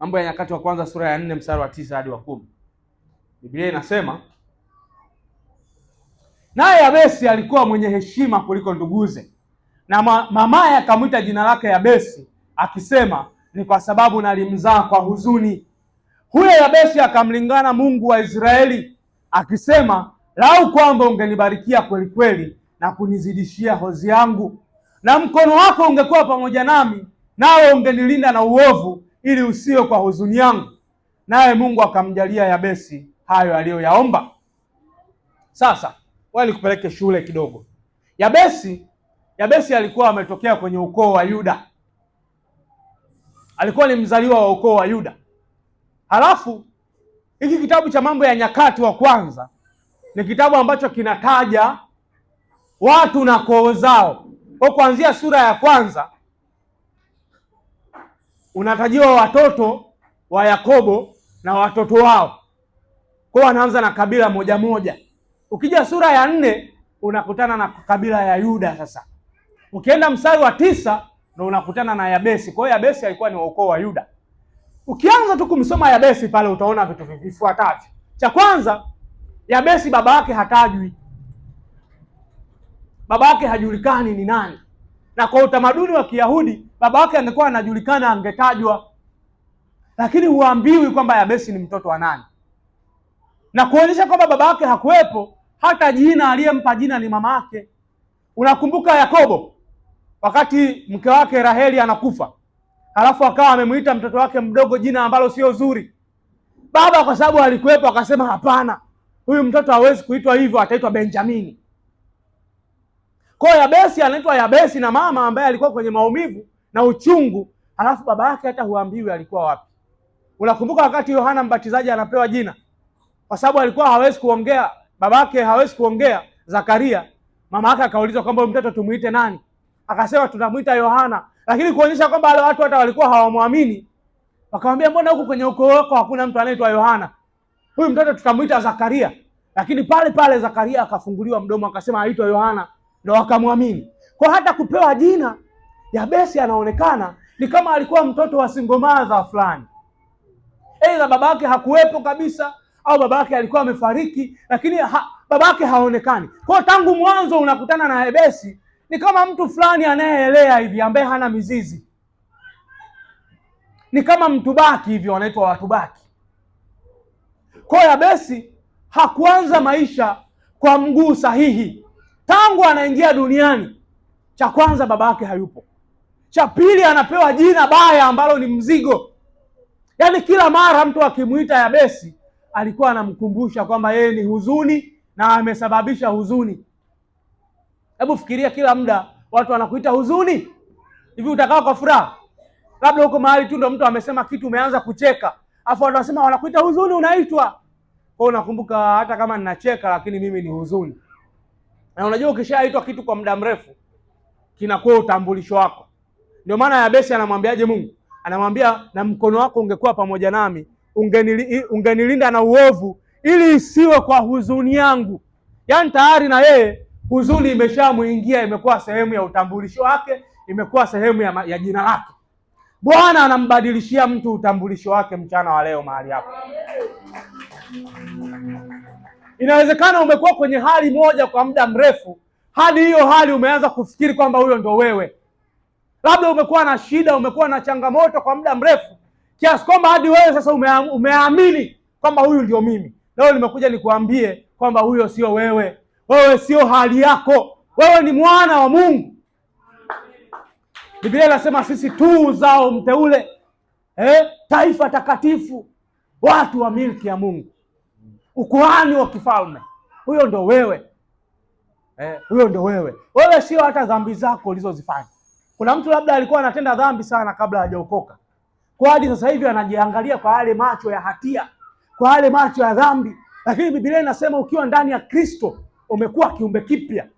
Mambo ya Nyakati wa Kwanza sura ya nne mstari wa tisa hadi wa kumi Biblia inasema naye Yabesi alikuwa mwenye heshima kuliko nduguze, na mamaye akamwita jina lake Yabesi akisema, ni kwa sababu nalimzaa kwa huzuni. Huyo Yabesi akamlingana Mungu wa Israeli akisema, lau kwamba ungenibarikia kweli kweli na kunizidishia hozi yangu, na mkono wako ungekuwa pamoja nami, nawe ungenilinda na uovu ili usiwe kwa huzuni yangu, naye Mungu akamjalia Yabesi hayo aliyoyaomba. Sasa wali nikupeleke shule kidogo. Yabesi, Yabesi alikuwa ametokea kwenye ukoo wa Yuda, alikuwa ni mzaliwa wa ukoo wa Yuda. Halafu hiki kitabu cha Mambo ya Nyakati wa Kwanza ni kitabu ambacho kinataja watu na koo zao, kwa kuanzia sura ya kwanza unatajiwa watoto wa Yakobo na watoto wao, kwa wanaanza na kabila moja moja. Ukija sura ya nne unakutana na kabila ya Yuda. Sasa ukienda mstari wa tisa ndo unakutana na Yabesi. Kwa hiyo Yabesi alikuwa ni ukoo wa Yuda. Ukianza tu kumsoma Yabesi pale utaona vitu vifuatavyo. Cha kwanza, Yabesi baba yake hatajwi, baba yake hajulikani ni nani, na kwa utamaduni wa Kiyahudi baba wake angekuwa anajulikana, angetajwa, lakini huambiwi kwamba Yabesi ni mtoto wa nani, na kuonyesha kwamba baba wake hakuwepo. Hata jina aliyempa jina ni mama yake. Unakumbuka Yakobo, wakati mke wake Raheli anakufa, halafu akawa amemwita mtoto wake mdogo jina ambalo sio zuri. Baba kwa sababu alikuwepo akasema, hapana, huyu mtoto hawezi kuitwa hivyo, ataitwa Benjamini. Kwa hiyo Yabesi anaitwa Yabesi na mama ambaye alikuwa kwenye maumivu na uchungu, halafu baba yake hata huambiwi alikuwa wapi. Unakumbuka wakati Yohana Mbatizaji anapewa jina, kwa sababu alikuwa hawezi kuongea, baba yake hawezi kuongea Zakaria. Mama yake akaulizwa kwamba mtoto tumuite nani, akasema tunamuita Yohana, lakini kuonyesha kwamba wale watu hata walikuwa hawamwamini. Wakamwambia, mbona huku kwenye ukoo wako hakuna mtu anaitwa Yohana? Huyu mtoto tutamuita Zakaria. Lakini pale pale Zakaria akafunguliwa mdomo akasema aitwa Yohana, ndio wakamwamini. Kwa hata kupewa jina Yabesi anaonekana ni kama alikuwa mtoto wa single mother fulani, aidha babake hakuwepo kabisa au babake alikuwa amefariki, lakini ha babake haonekani. Kwa hiyo tangu mwanzo unakutana na Yabesi ni kama mtu fulani anayeelea hivi ambaye hana mizizi, ni kama mtubaki hivyo, wanaitwa watubaki. Kwa hiyo Yabesi hakuanza maisha kwa mguu sahihi. Tangu anaingia duniani, cha kwanza baba hayupo. Cha pili, anapewa jina baya ambalo ni mzigo. Yaani kila mara mtu akimwita Yabesi alikuwa anamkumbusha kwamba yeye ni huzuni na amesababisha huzuni. Hebu fikiria, kila muda watu wanakuita huzuni, hivi utakaa kwa furaha? Labda huko mahali tu ndo mtu amesema kitu, umeanza kucheka, afu watu wanasema wanakuita huzuni, unaitwa kwa, unakumbuka hata kama ninacheka, lakini mimi ni huzuni. Na unajua ukishaitwa kitu kwa muda mrefu kinakuwa utambulisho wako. Ndio maana yabesi anamwambiaje Mungu? Anamwambia, na mkono wako ungekuwa pamoja nami, ungenili, ungenilinda na uovu, ili isiwe kwa huzuni yangu. Yaani tayari na yeye huzuni imeshamuingia, imekuwa sehemu ya utambulisho wake, imekuwa sehemu ya, ya jina lake. Bwana anambadilishia mtu utambulisho wake mchana wa leo mahali hapa. Inawezekana umekuwa kwenye hali moja kwa muda mrefu, hadi hiyo hali umeanza kufikiri kwamba huyo ndo wewe. Labda umekuwa na shida, umekuwa na changamoto kwa muda mrefu kiasi kwamba hadi wewe sasa umeamini kwamba huyu ndio mimi. Leo nimekuja nikuambie kwamba huyo sio wewe. Wewe sio hali yako, wewe ni mwana wa Mungu. Biblia inasema sisi tu uzao mteule, eh, taifa takatifu, watu wa milki ya Mungu, ukuhani wa kifalme. Huyo ndo wewe eh, huyo ndo wewe. Wewe sio hata dhambi zako ulizozifanya kuna mtu labda alikuwa anatenda dhambi sana kabla hajaokoka, kwa hadi sasa hivi anajiangalia kwa yale macho ya hatia, kwa yale macho ya dhambi, lakini Biblia inasema ukiwa ndani ya Kristo umekuwa kiumbe kipya,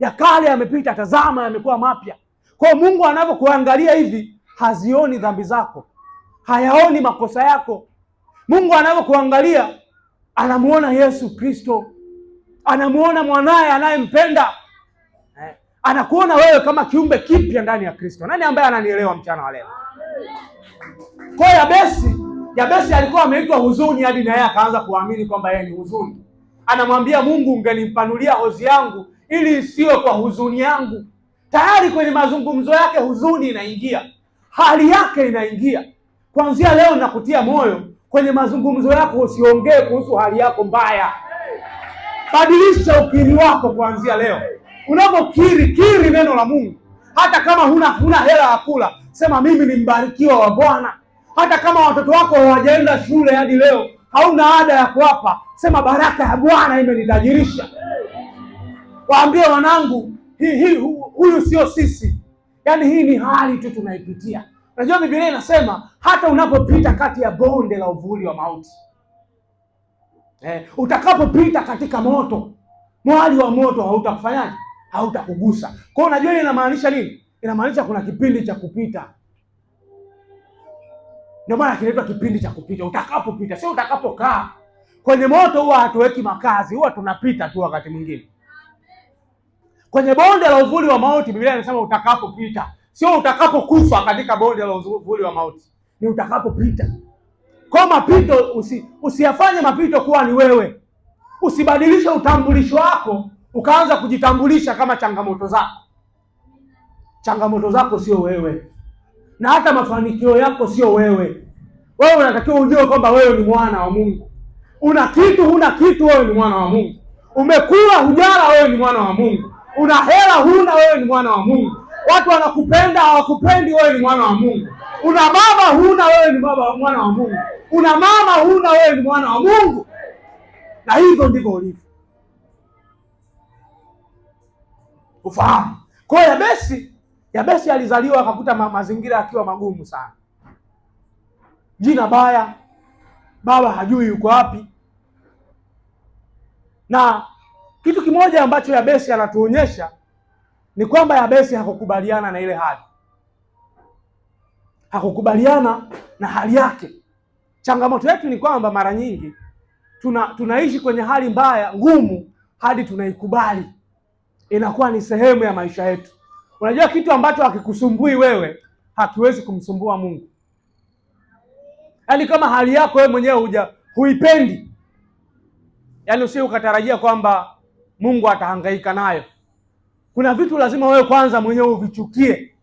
ya kale yamepita, tazama yamekuwa mapya. Kwa Mungu anavyokuangalia hivi, hazioni dhambi zako, hayaoni makosa yako. Mungu anavyokuangalia anamuona Yesu Kristo, anamuona mwanaye anayempenda anakuona wewe kama kiumbe kipya ndani ya Kristo. Nani ambaye ananielewa mchana wa leo? Kwa Yabesi, Yabesi alikuwa ameitwa huzuni hadi naye akaanza kuamini kwamba yeye ni huzuni. Anamwambia Mungu, ungenipanulia hozi yangu ili isiwe kwa huzuni yangu. Tayari kwenye mazungumzo yake huzuni inaingia, hali yake inaingia. Kuanzia leo nakutia moyo kwenye mazungumzo yako, usiongee kuhusu hali yako mbaya. Badilisha ukiri wako kuanzia leo. Unapokiri kiri neno la Mungu, hata kama huna huna hela ya kula, sema mimi ni mbarikiwa wa Bwana. Hata kama watoto wako hawajaenda shule hadi leo, hauna ada ya kuwapa, sema baraka ya Bwana imenitajirisha. Waambie wanangu, hii hii, huyu sio sisi, yaani hii ni hali tu tunaipitia. Unajua Biblia inasema hata unapopita kati ya bonde la uvuli wa mauti eh, utakapopita katika moto mwali wa moto hautakufanyaje? hautakugusa. Kwa hiyo unajua inamaanisha nini? Inamaanisha kuna kipindi cha kupita. Ndio maana kinaitwa kipindi cha kupita, utakapopita, sio utakapokaa. Kwenye moto huwa hatuweki makazi, huwa tunapita tu wakati mwingine. Kwenye bonde la uvuli wa mauti, Biblia inasema utakapopita, sio utakapokufa katika bonde la uvuli wa mauti, ni utakapopita. Kwa mapito usi, usiyafanye mapito kuwa ni wewe, usibadilishe utambulisho wako ukaanza kujitambulisha kama changamoto zako. Changamoto zako sio wewe, na hata mafanikio yako sio wewe. Wewe unatakiwa ujue kwamba wewe ni mwana wa Mungu. Una kitu, huna kitu, wewe ni mwana wa Mungu. Umekula, hujala, wewe ni mwana wa Mungu. Una hela, huna, wewe ni mwana wa Mungu. Watu wanakupenda, hawakupendi, wewe ni mwana wa Mungu. Una baba, huna, wewe ni baba, mwana wa Mungu. Una mama, huna, wewe ni mwana wa Mungu, na hivyo ndivyo ulivyo. ufahamu. Kwa hiyo Yabesi, Yabesi alizaliwa akakuta ma mazingira akiwa magumu sana, jina baya, baba hajui yuko wapi, na kitu kimoja ambacho Yabesi anatuonyesha ni kwamba Yabesi hakukubaliana na ile hali, hakukubaliana na hali yake. Changamoto yetu ni kwamba mara nyingi tuna tunaishi kwenye hali mbaya ngumu hadi tunaikubali inakuwa ni sehemu ya maisha yetu. Unajua, kitu ambacho hakikusumbui wewe hakiwezi kumsumbua Mungu. Yaani kama hali yako wewe mwenyewe huja huipendi, yaani usije ukatarajia kwamba Mungu atahangaika nayo. Kuna vitu lazima wewe kwanza mwenyewe uvichukie.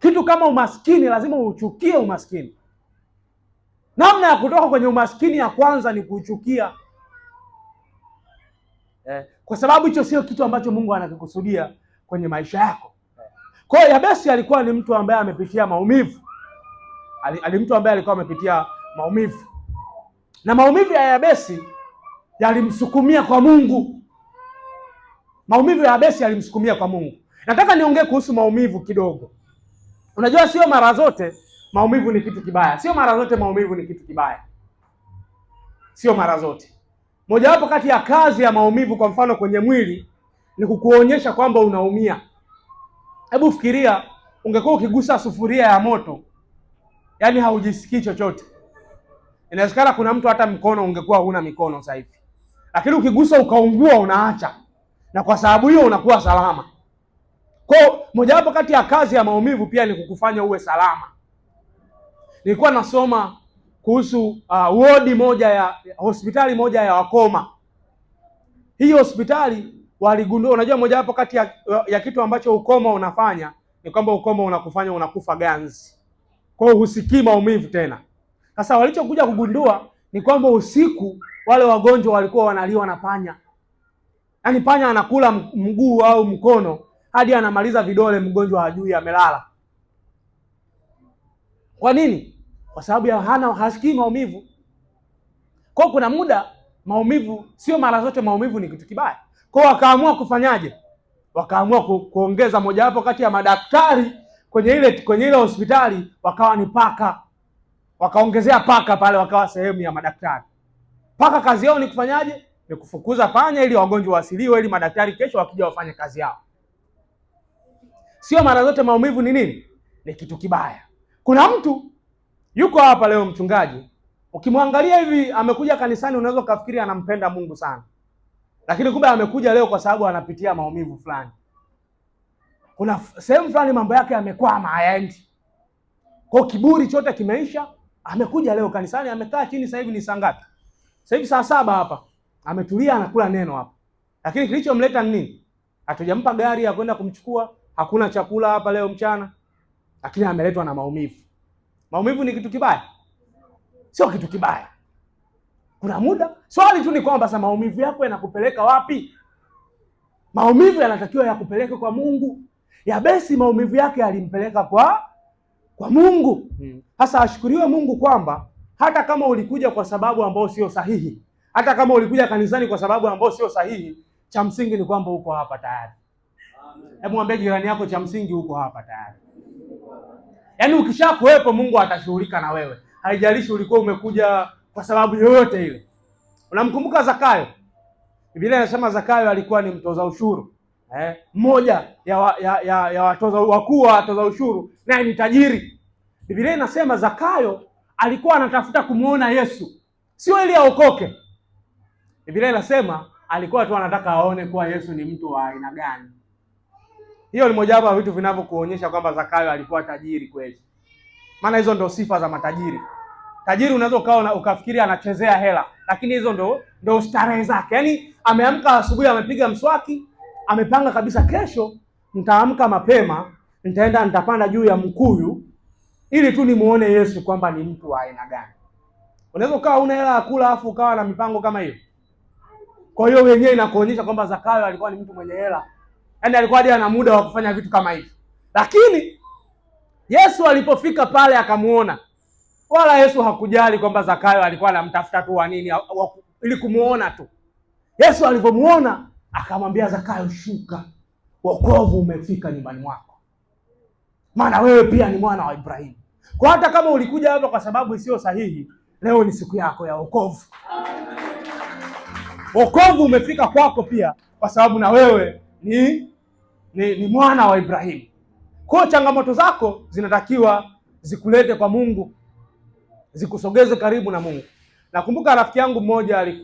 Kitu kama umaskini, lazima uchukie umaskini. Namna ya kutoka kwenye umaskini ya kwanza ni kuchukia eh, kwa sababu hicho sio kitu ambacho Mungu anakikusudia kwenye maisha yako. Kwa hiyo Yabesi alikuwa ni mtu ambaye amepitia maumivu, ali mtu ambaye alikuwa amepitia maumivu, na maumivu ya Yabesi yalimsukumia kwa Mungu. Maumivu ya Yabesi yalimsukumia kwa Mungu. Nataka niongee kuhusu maumivu kidogo. Unajua, sio mara zote maumivu ni kitu kibaya, sio mara zote maumivu ni kitu kibaya, sio mara zote Mojawapo kati ya kazi ya maumivu kwa mfano kwenye mwili ni kukuonyesha kwamba unaumia. Hebu fikiria ungekuwa ukigusa sufuria ya moto, yaani haujisikii chochote. Inawezekana kuna mtu hata mkono ungekuwa huna mikono sasa hivi, lakini ukigusa ukaungua unaacha, na kwa sababu hiyo unakuwa salama. Kwa mojawapo kati ya kazi ya maumivu pia ni kukufanya uwe salama. Nilikuwa nasoma kuhusu uh, wodi moja ya hospitali moja ya wakoma. Hii hospitali waligundua, unajua mojawapo kati ya, ya kitu ambacho ukoma unafanya ni kwamba ukoma unakufanya unakufa ganzi, kwa hiyo husikii maumivu tena. Sasa walichokuja kugundua ni kwamba usiku wale wagonjwa walikuwa wanaliwa na panya, yaani panya anakula mguu au mkono hadi anamaliza vidole, mgonjwa hajui amelala. Kwa nini? kwa sababu ya hana hasikii maumivu. Kwa kuna muda maumivu sio mara zote, maumivu ni kitu kibaya. Kwa wakaamua kufanyaje? Wakaamua ku, kuongeza mojawapo kati ya madaktari kwenye ile kwenye ile hospitali wakawa ni paka, wakaongezea paka pale, wakawa sehemu ya madaktari. Paka kazi yao ni kufanyaje? Ni kufukuza panya ili wagonjwa wasiliwe, ili madaktari kesho wakija wafanye kazi yao. Sio mara zote maumivu ni nini? Ni kitu kibaya. Kuna mtu Yuko hapa leo mchungaji, ukimwangalia hivi amekuja kanisani, unaweza ukafikiri anampenda Mungu sana, lakini kumbe amekuja leo kwa sababu anapitia maumivu fulani. Kuna sehemu fulani mambo yake yamekwama, hayaendi kwa kiburi, chote kimeisha. Amekuja leo kanisani, amekaa chini. Sasa hivi ni saa ngapi? Sasa hivi saa saba hapa, ametulia anakula neno hapa, lakini kilichomleta ni nini? Hatujampa gari ya kwenda kumchukua, hakuna chakula hapa leo mchana, lakini ameletwa na maumivu. Maumivu ni kitu kibaya? Sio kitu kibaya. Kuna muda, swali tu ni kwamba sasa maumivu yako yanakupeleka wapi? Maumivu yanatakiwa yakupeleke kwa Mungu. Yabesi maumivu yake yalimpeleka kwa kwa Mungu. Hmm. Sasa hmm, ashukuriwe Mungu kwamba hata kama ulikuja kwa sababu ambayo sio sahihi, hata kama ulikuja kanisani kwa sababu ambayo sio sahihi, cha msingi ni kwamba uko hapa tayari. Hebu mwambie jirani yako, cha msingi uko hapa tayari. Yaani ukishakuwepo Mungu atashughulika na wewe, haijalishi ulikuwa umekuja kwa sababu yoyote ile. Unamkumbuka Zakayo? Biblia inasema Zakayo alikuwa ni mtoza ushuru eh, mmoja ya, wa, ya, ya, ya watoza wakuu wa watoza ushuru, naye ni tajiri. Biblia inasema Zakayo alikuwa anatafuta kumwona Yesu, sio ili aokoke. Biblia inasema alikuwa tu anataka aone kuwa Yesu ni mtu wa aina gani. Hiyo ni mojawapo ya vitu vinavyokuonyesha kwamba Zakayo alikuwa tajiri kweli, maana hizo ndo sifa za matajiri. Tajiri unaweza ukawa ukafikiri anachezea hela, lakini hizo ndo ndo starehe zake. Yaani ameamka asubuhi, amepiga mswaki, amepanga kabisa, kesho nitaamka mapema, nitaenda nitapanda juu ya mkuyu ili tu nimuone Yesu kwamba ni mtu wa aina gani. Unaweza ukawa una hela ya kula afu ukawa na mipango kama hiyo. Kwa hiyo wenyewe inakuonyesha kwamba Zakayo alikuwa ni mtu mwenye hela Yaani alikuwa hadi ana muda wa kufanya vitu kama hivyo, lakini Yesu alipofika pale akamuona. Wala Yesu hakujali kwamba Zakayo alikuwa anamtafuta tu wa nini, ili kumuona tu. Yesu alivyomuona akamwambia Zakayo, shuka, wokovu umefika nyumbani mwako, maana wewe pia ni mwana wa Ibrahimu. Kwa hata kama ulikuja hapa kwa sababu isiyo sahihi, leo ni siku yako ya wokovu. Wokovu umefika kwako pia, kwa sababu na wewe ni ni, ni mwana wa Ibrahimu. Kwa hiyo changamoto zako zinatakiwa zikulete kwa Mungu, zikusogeze karibu na Mungu. Nakumbuka rafiki yangu mmoja alikuwa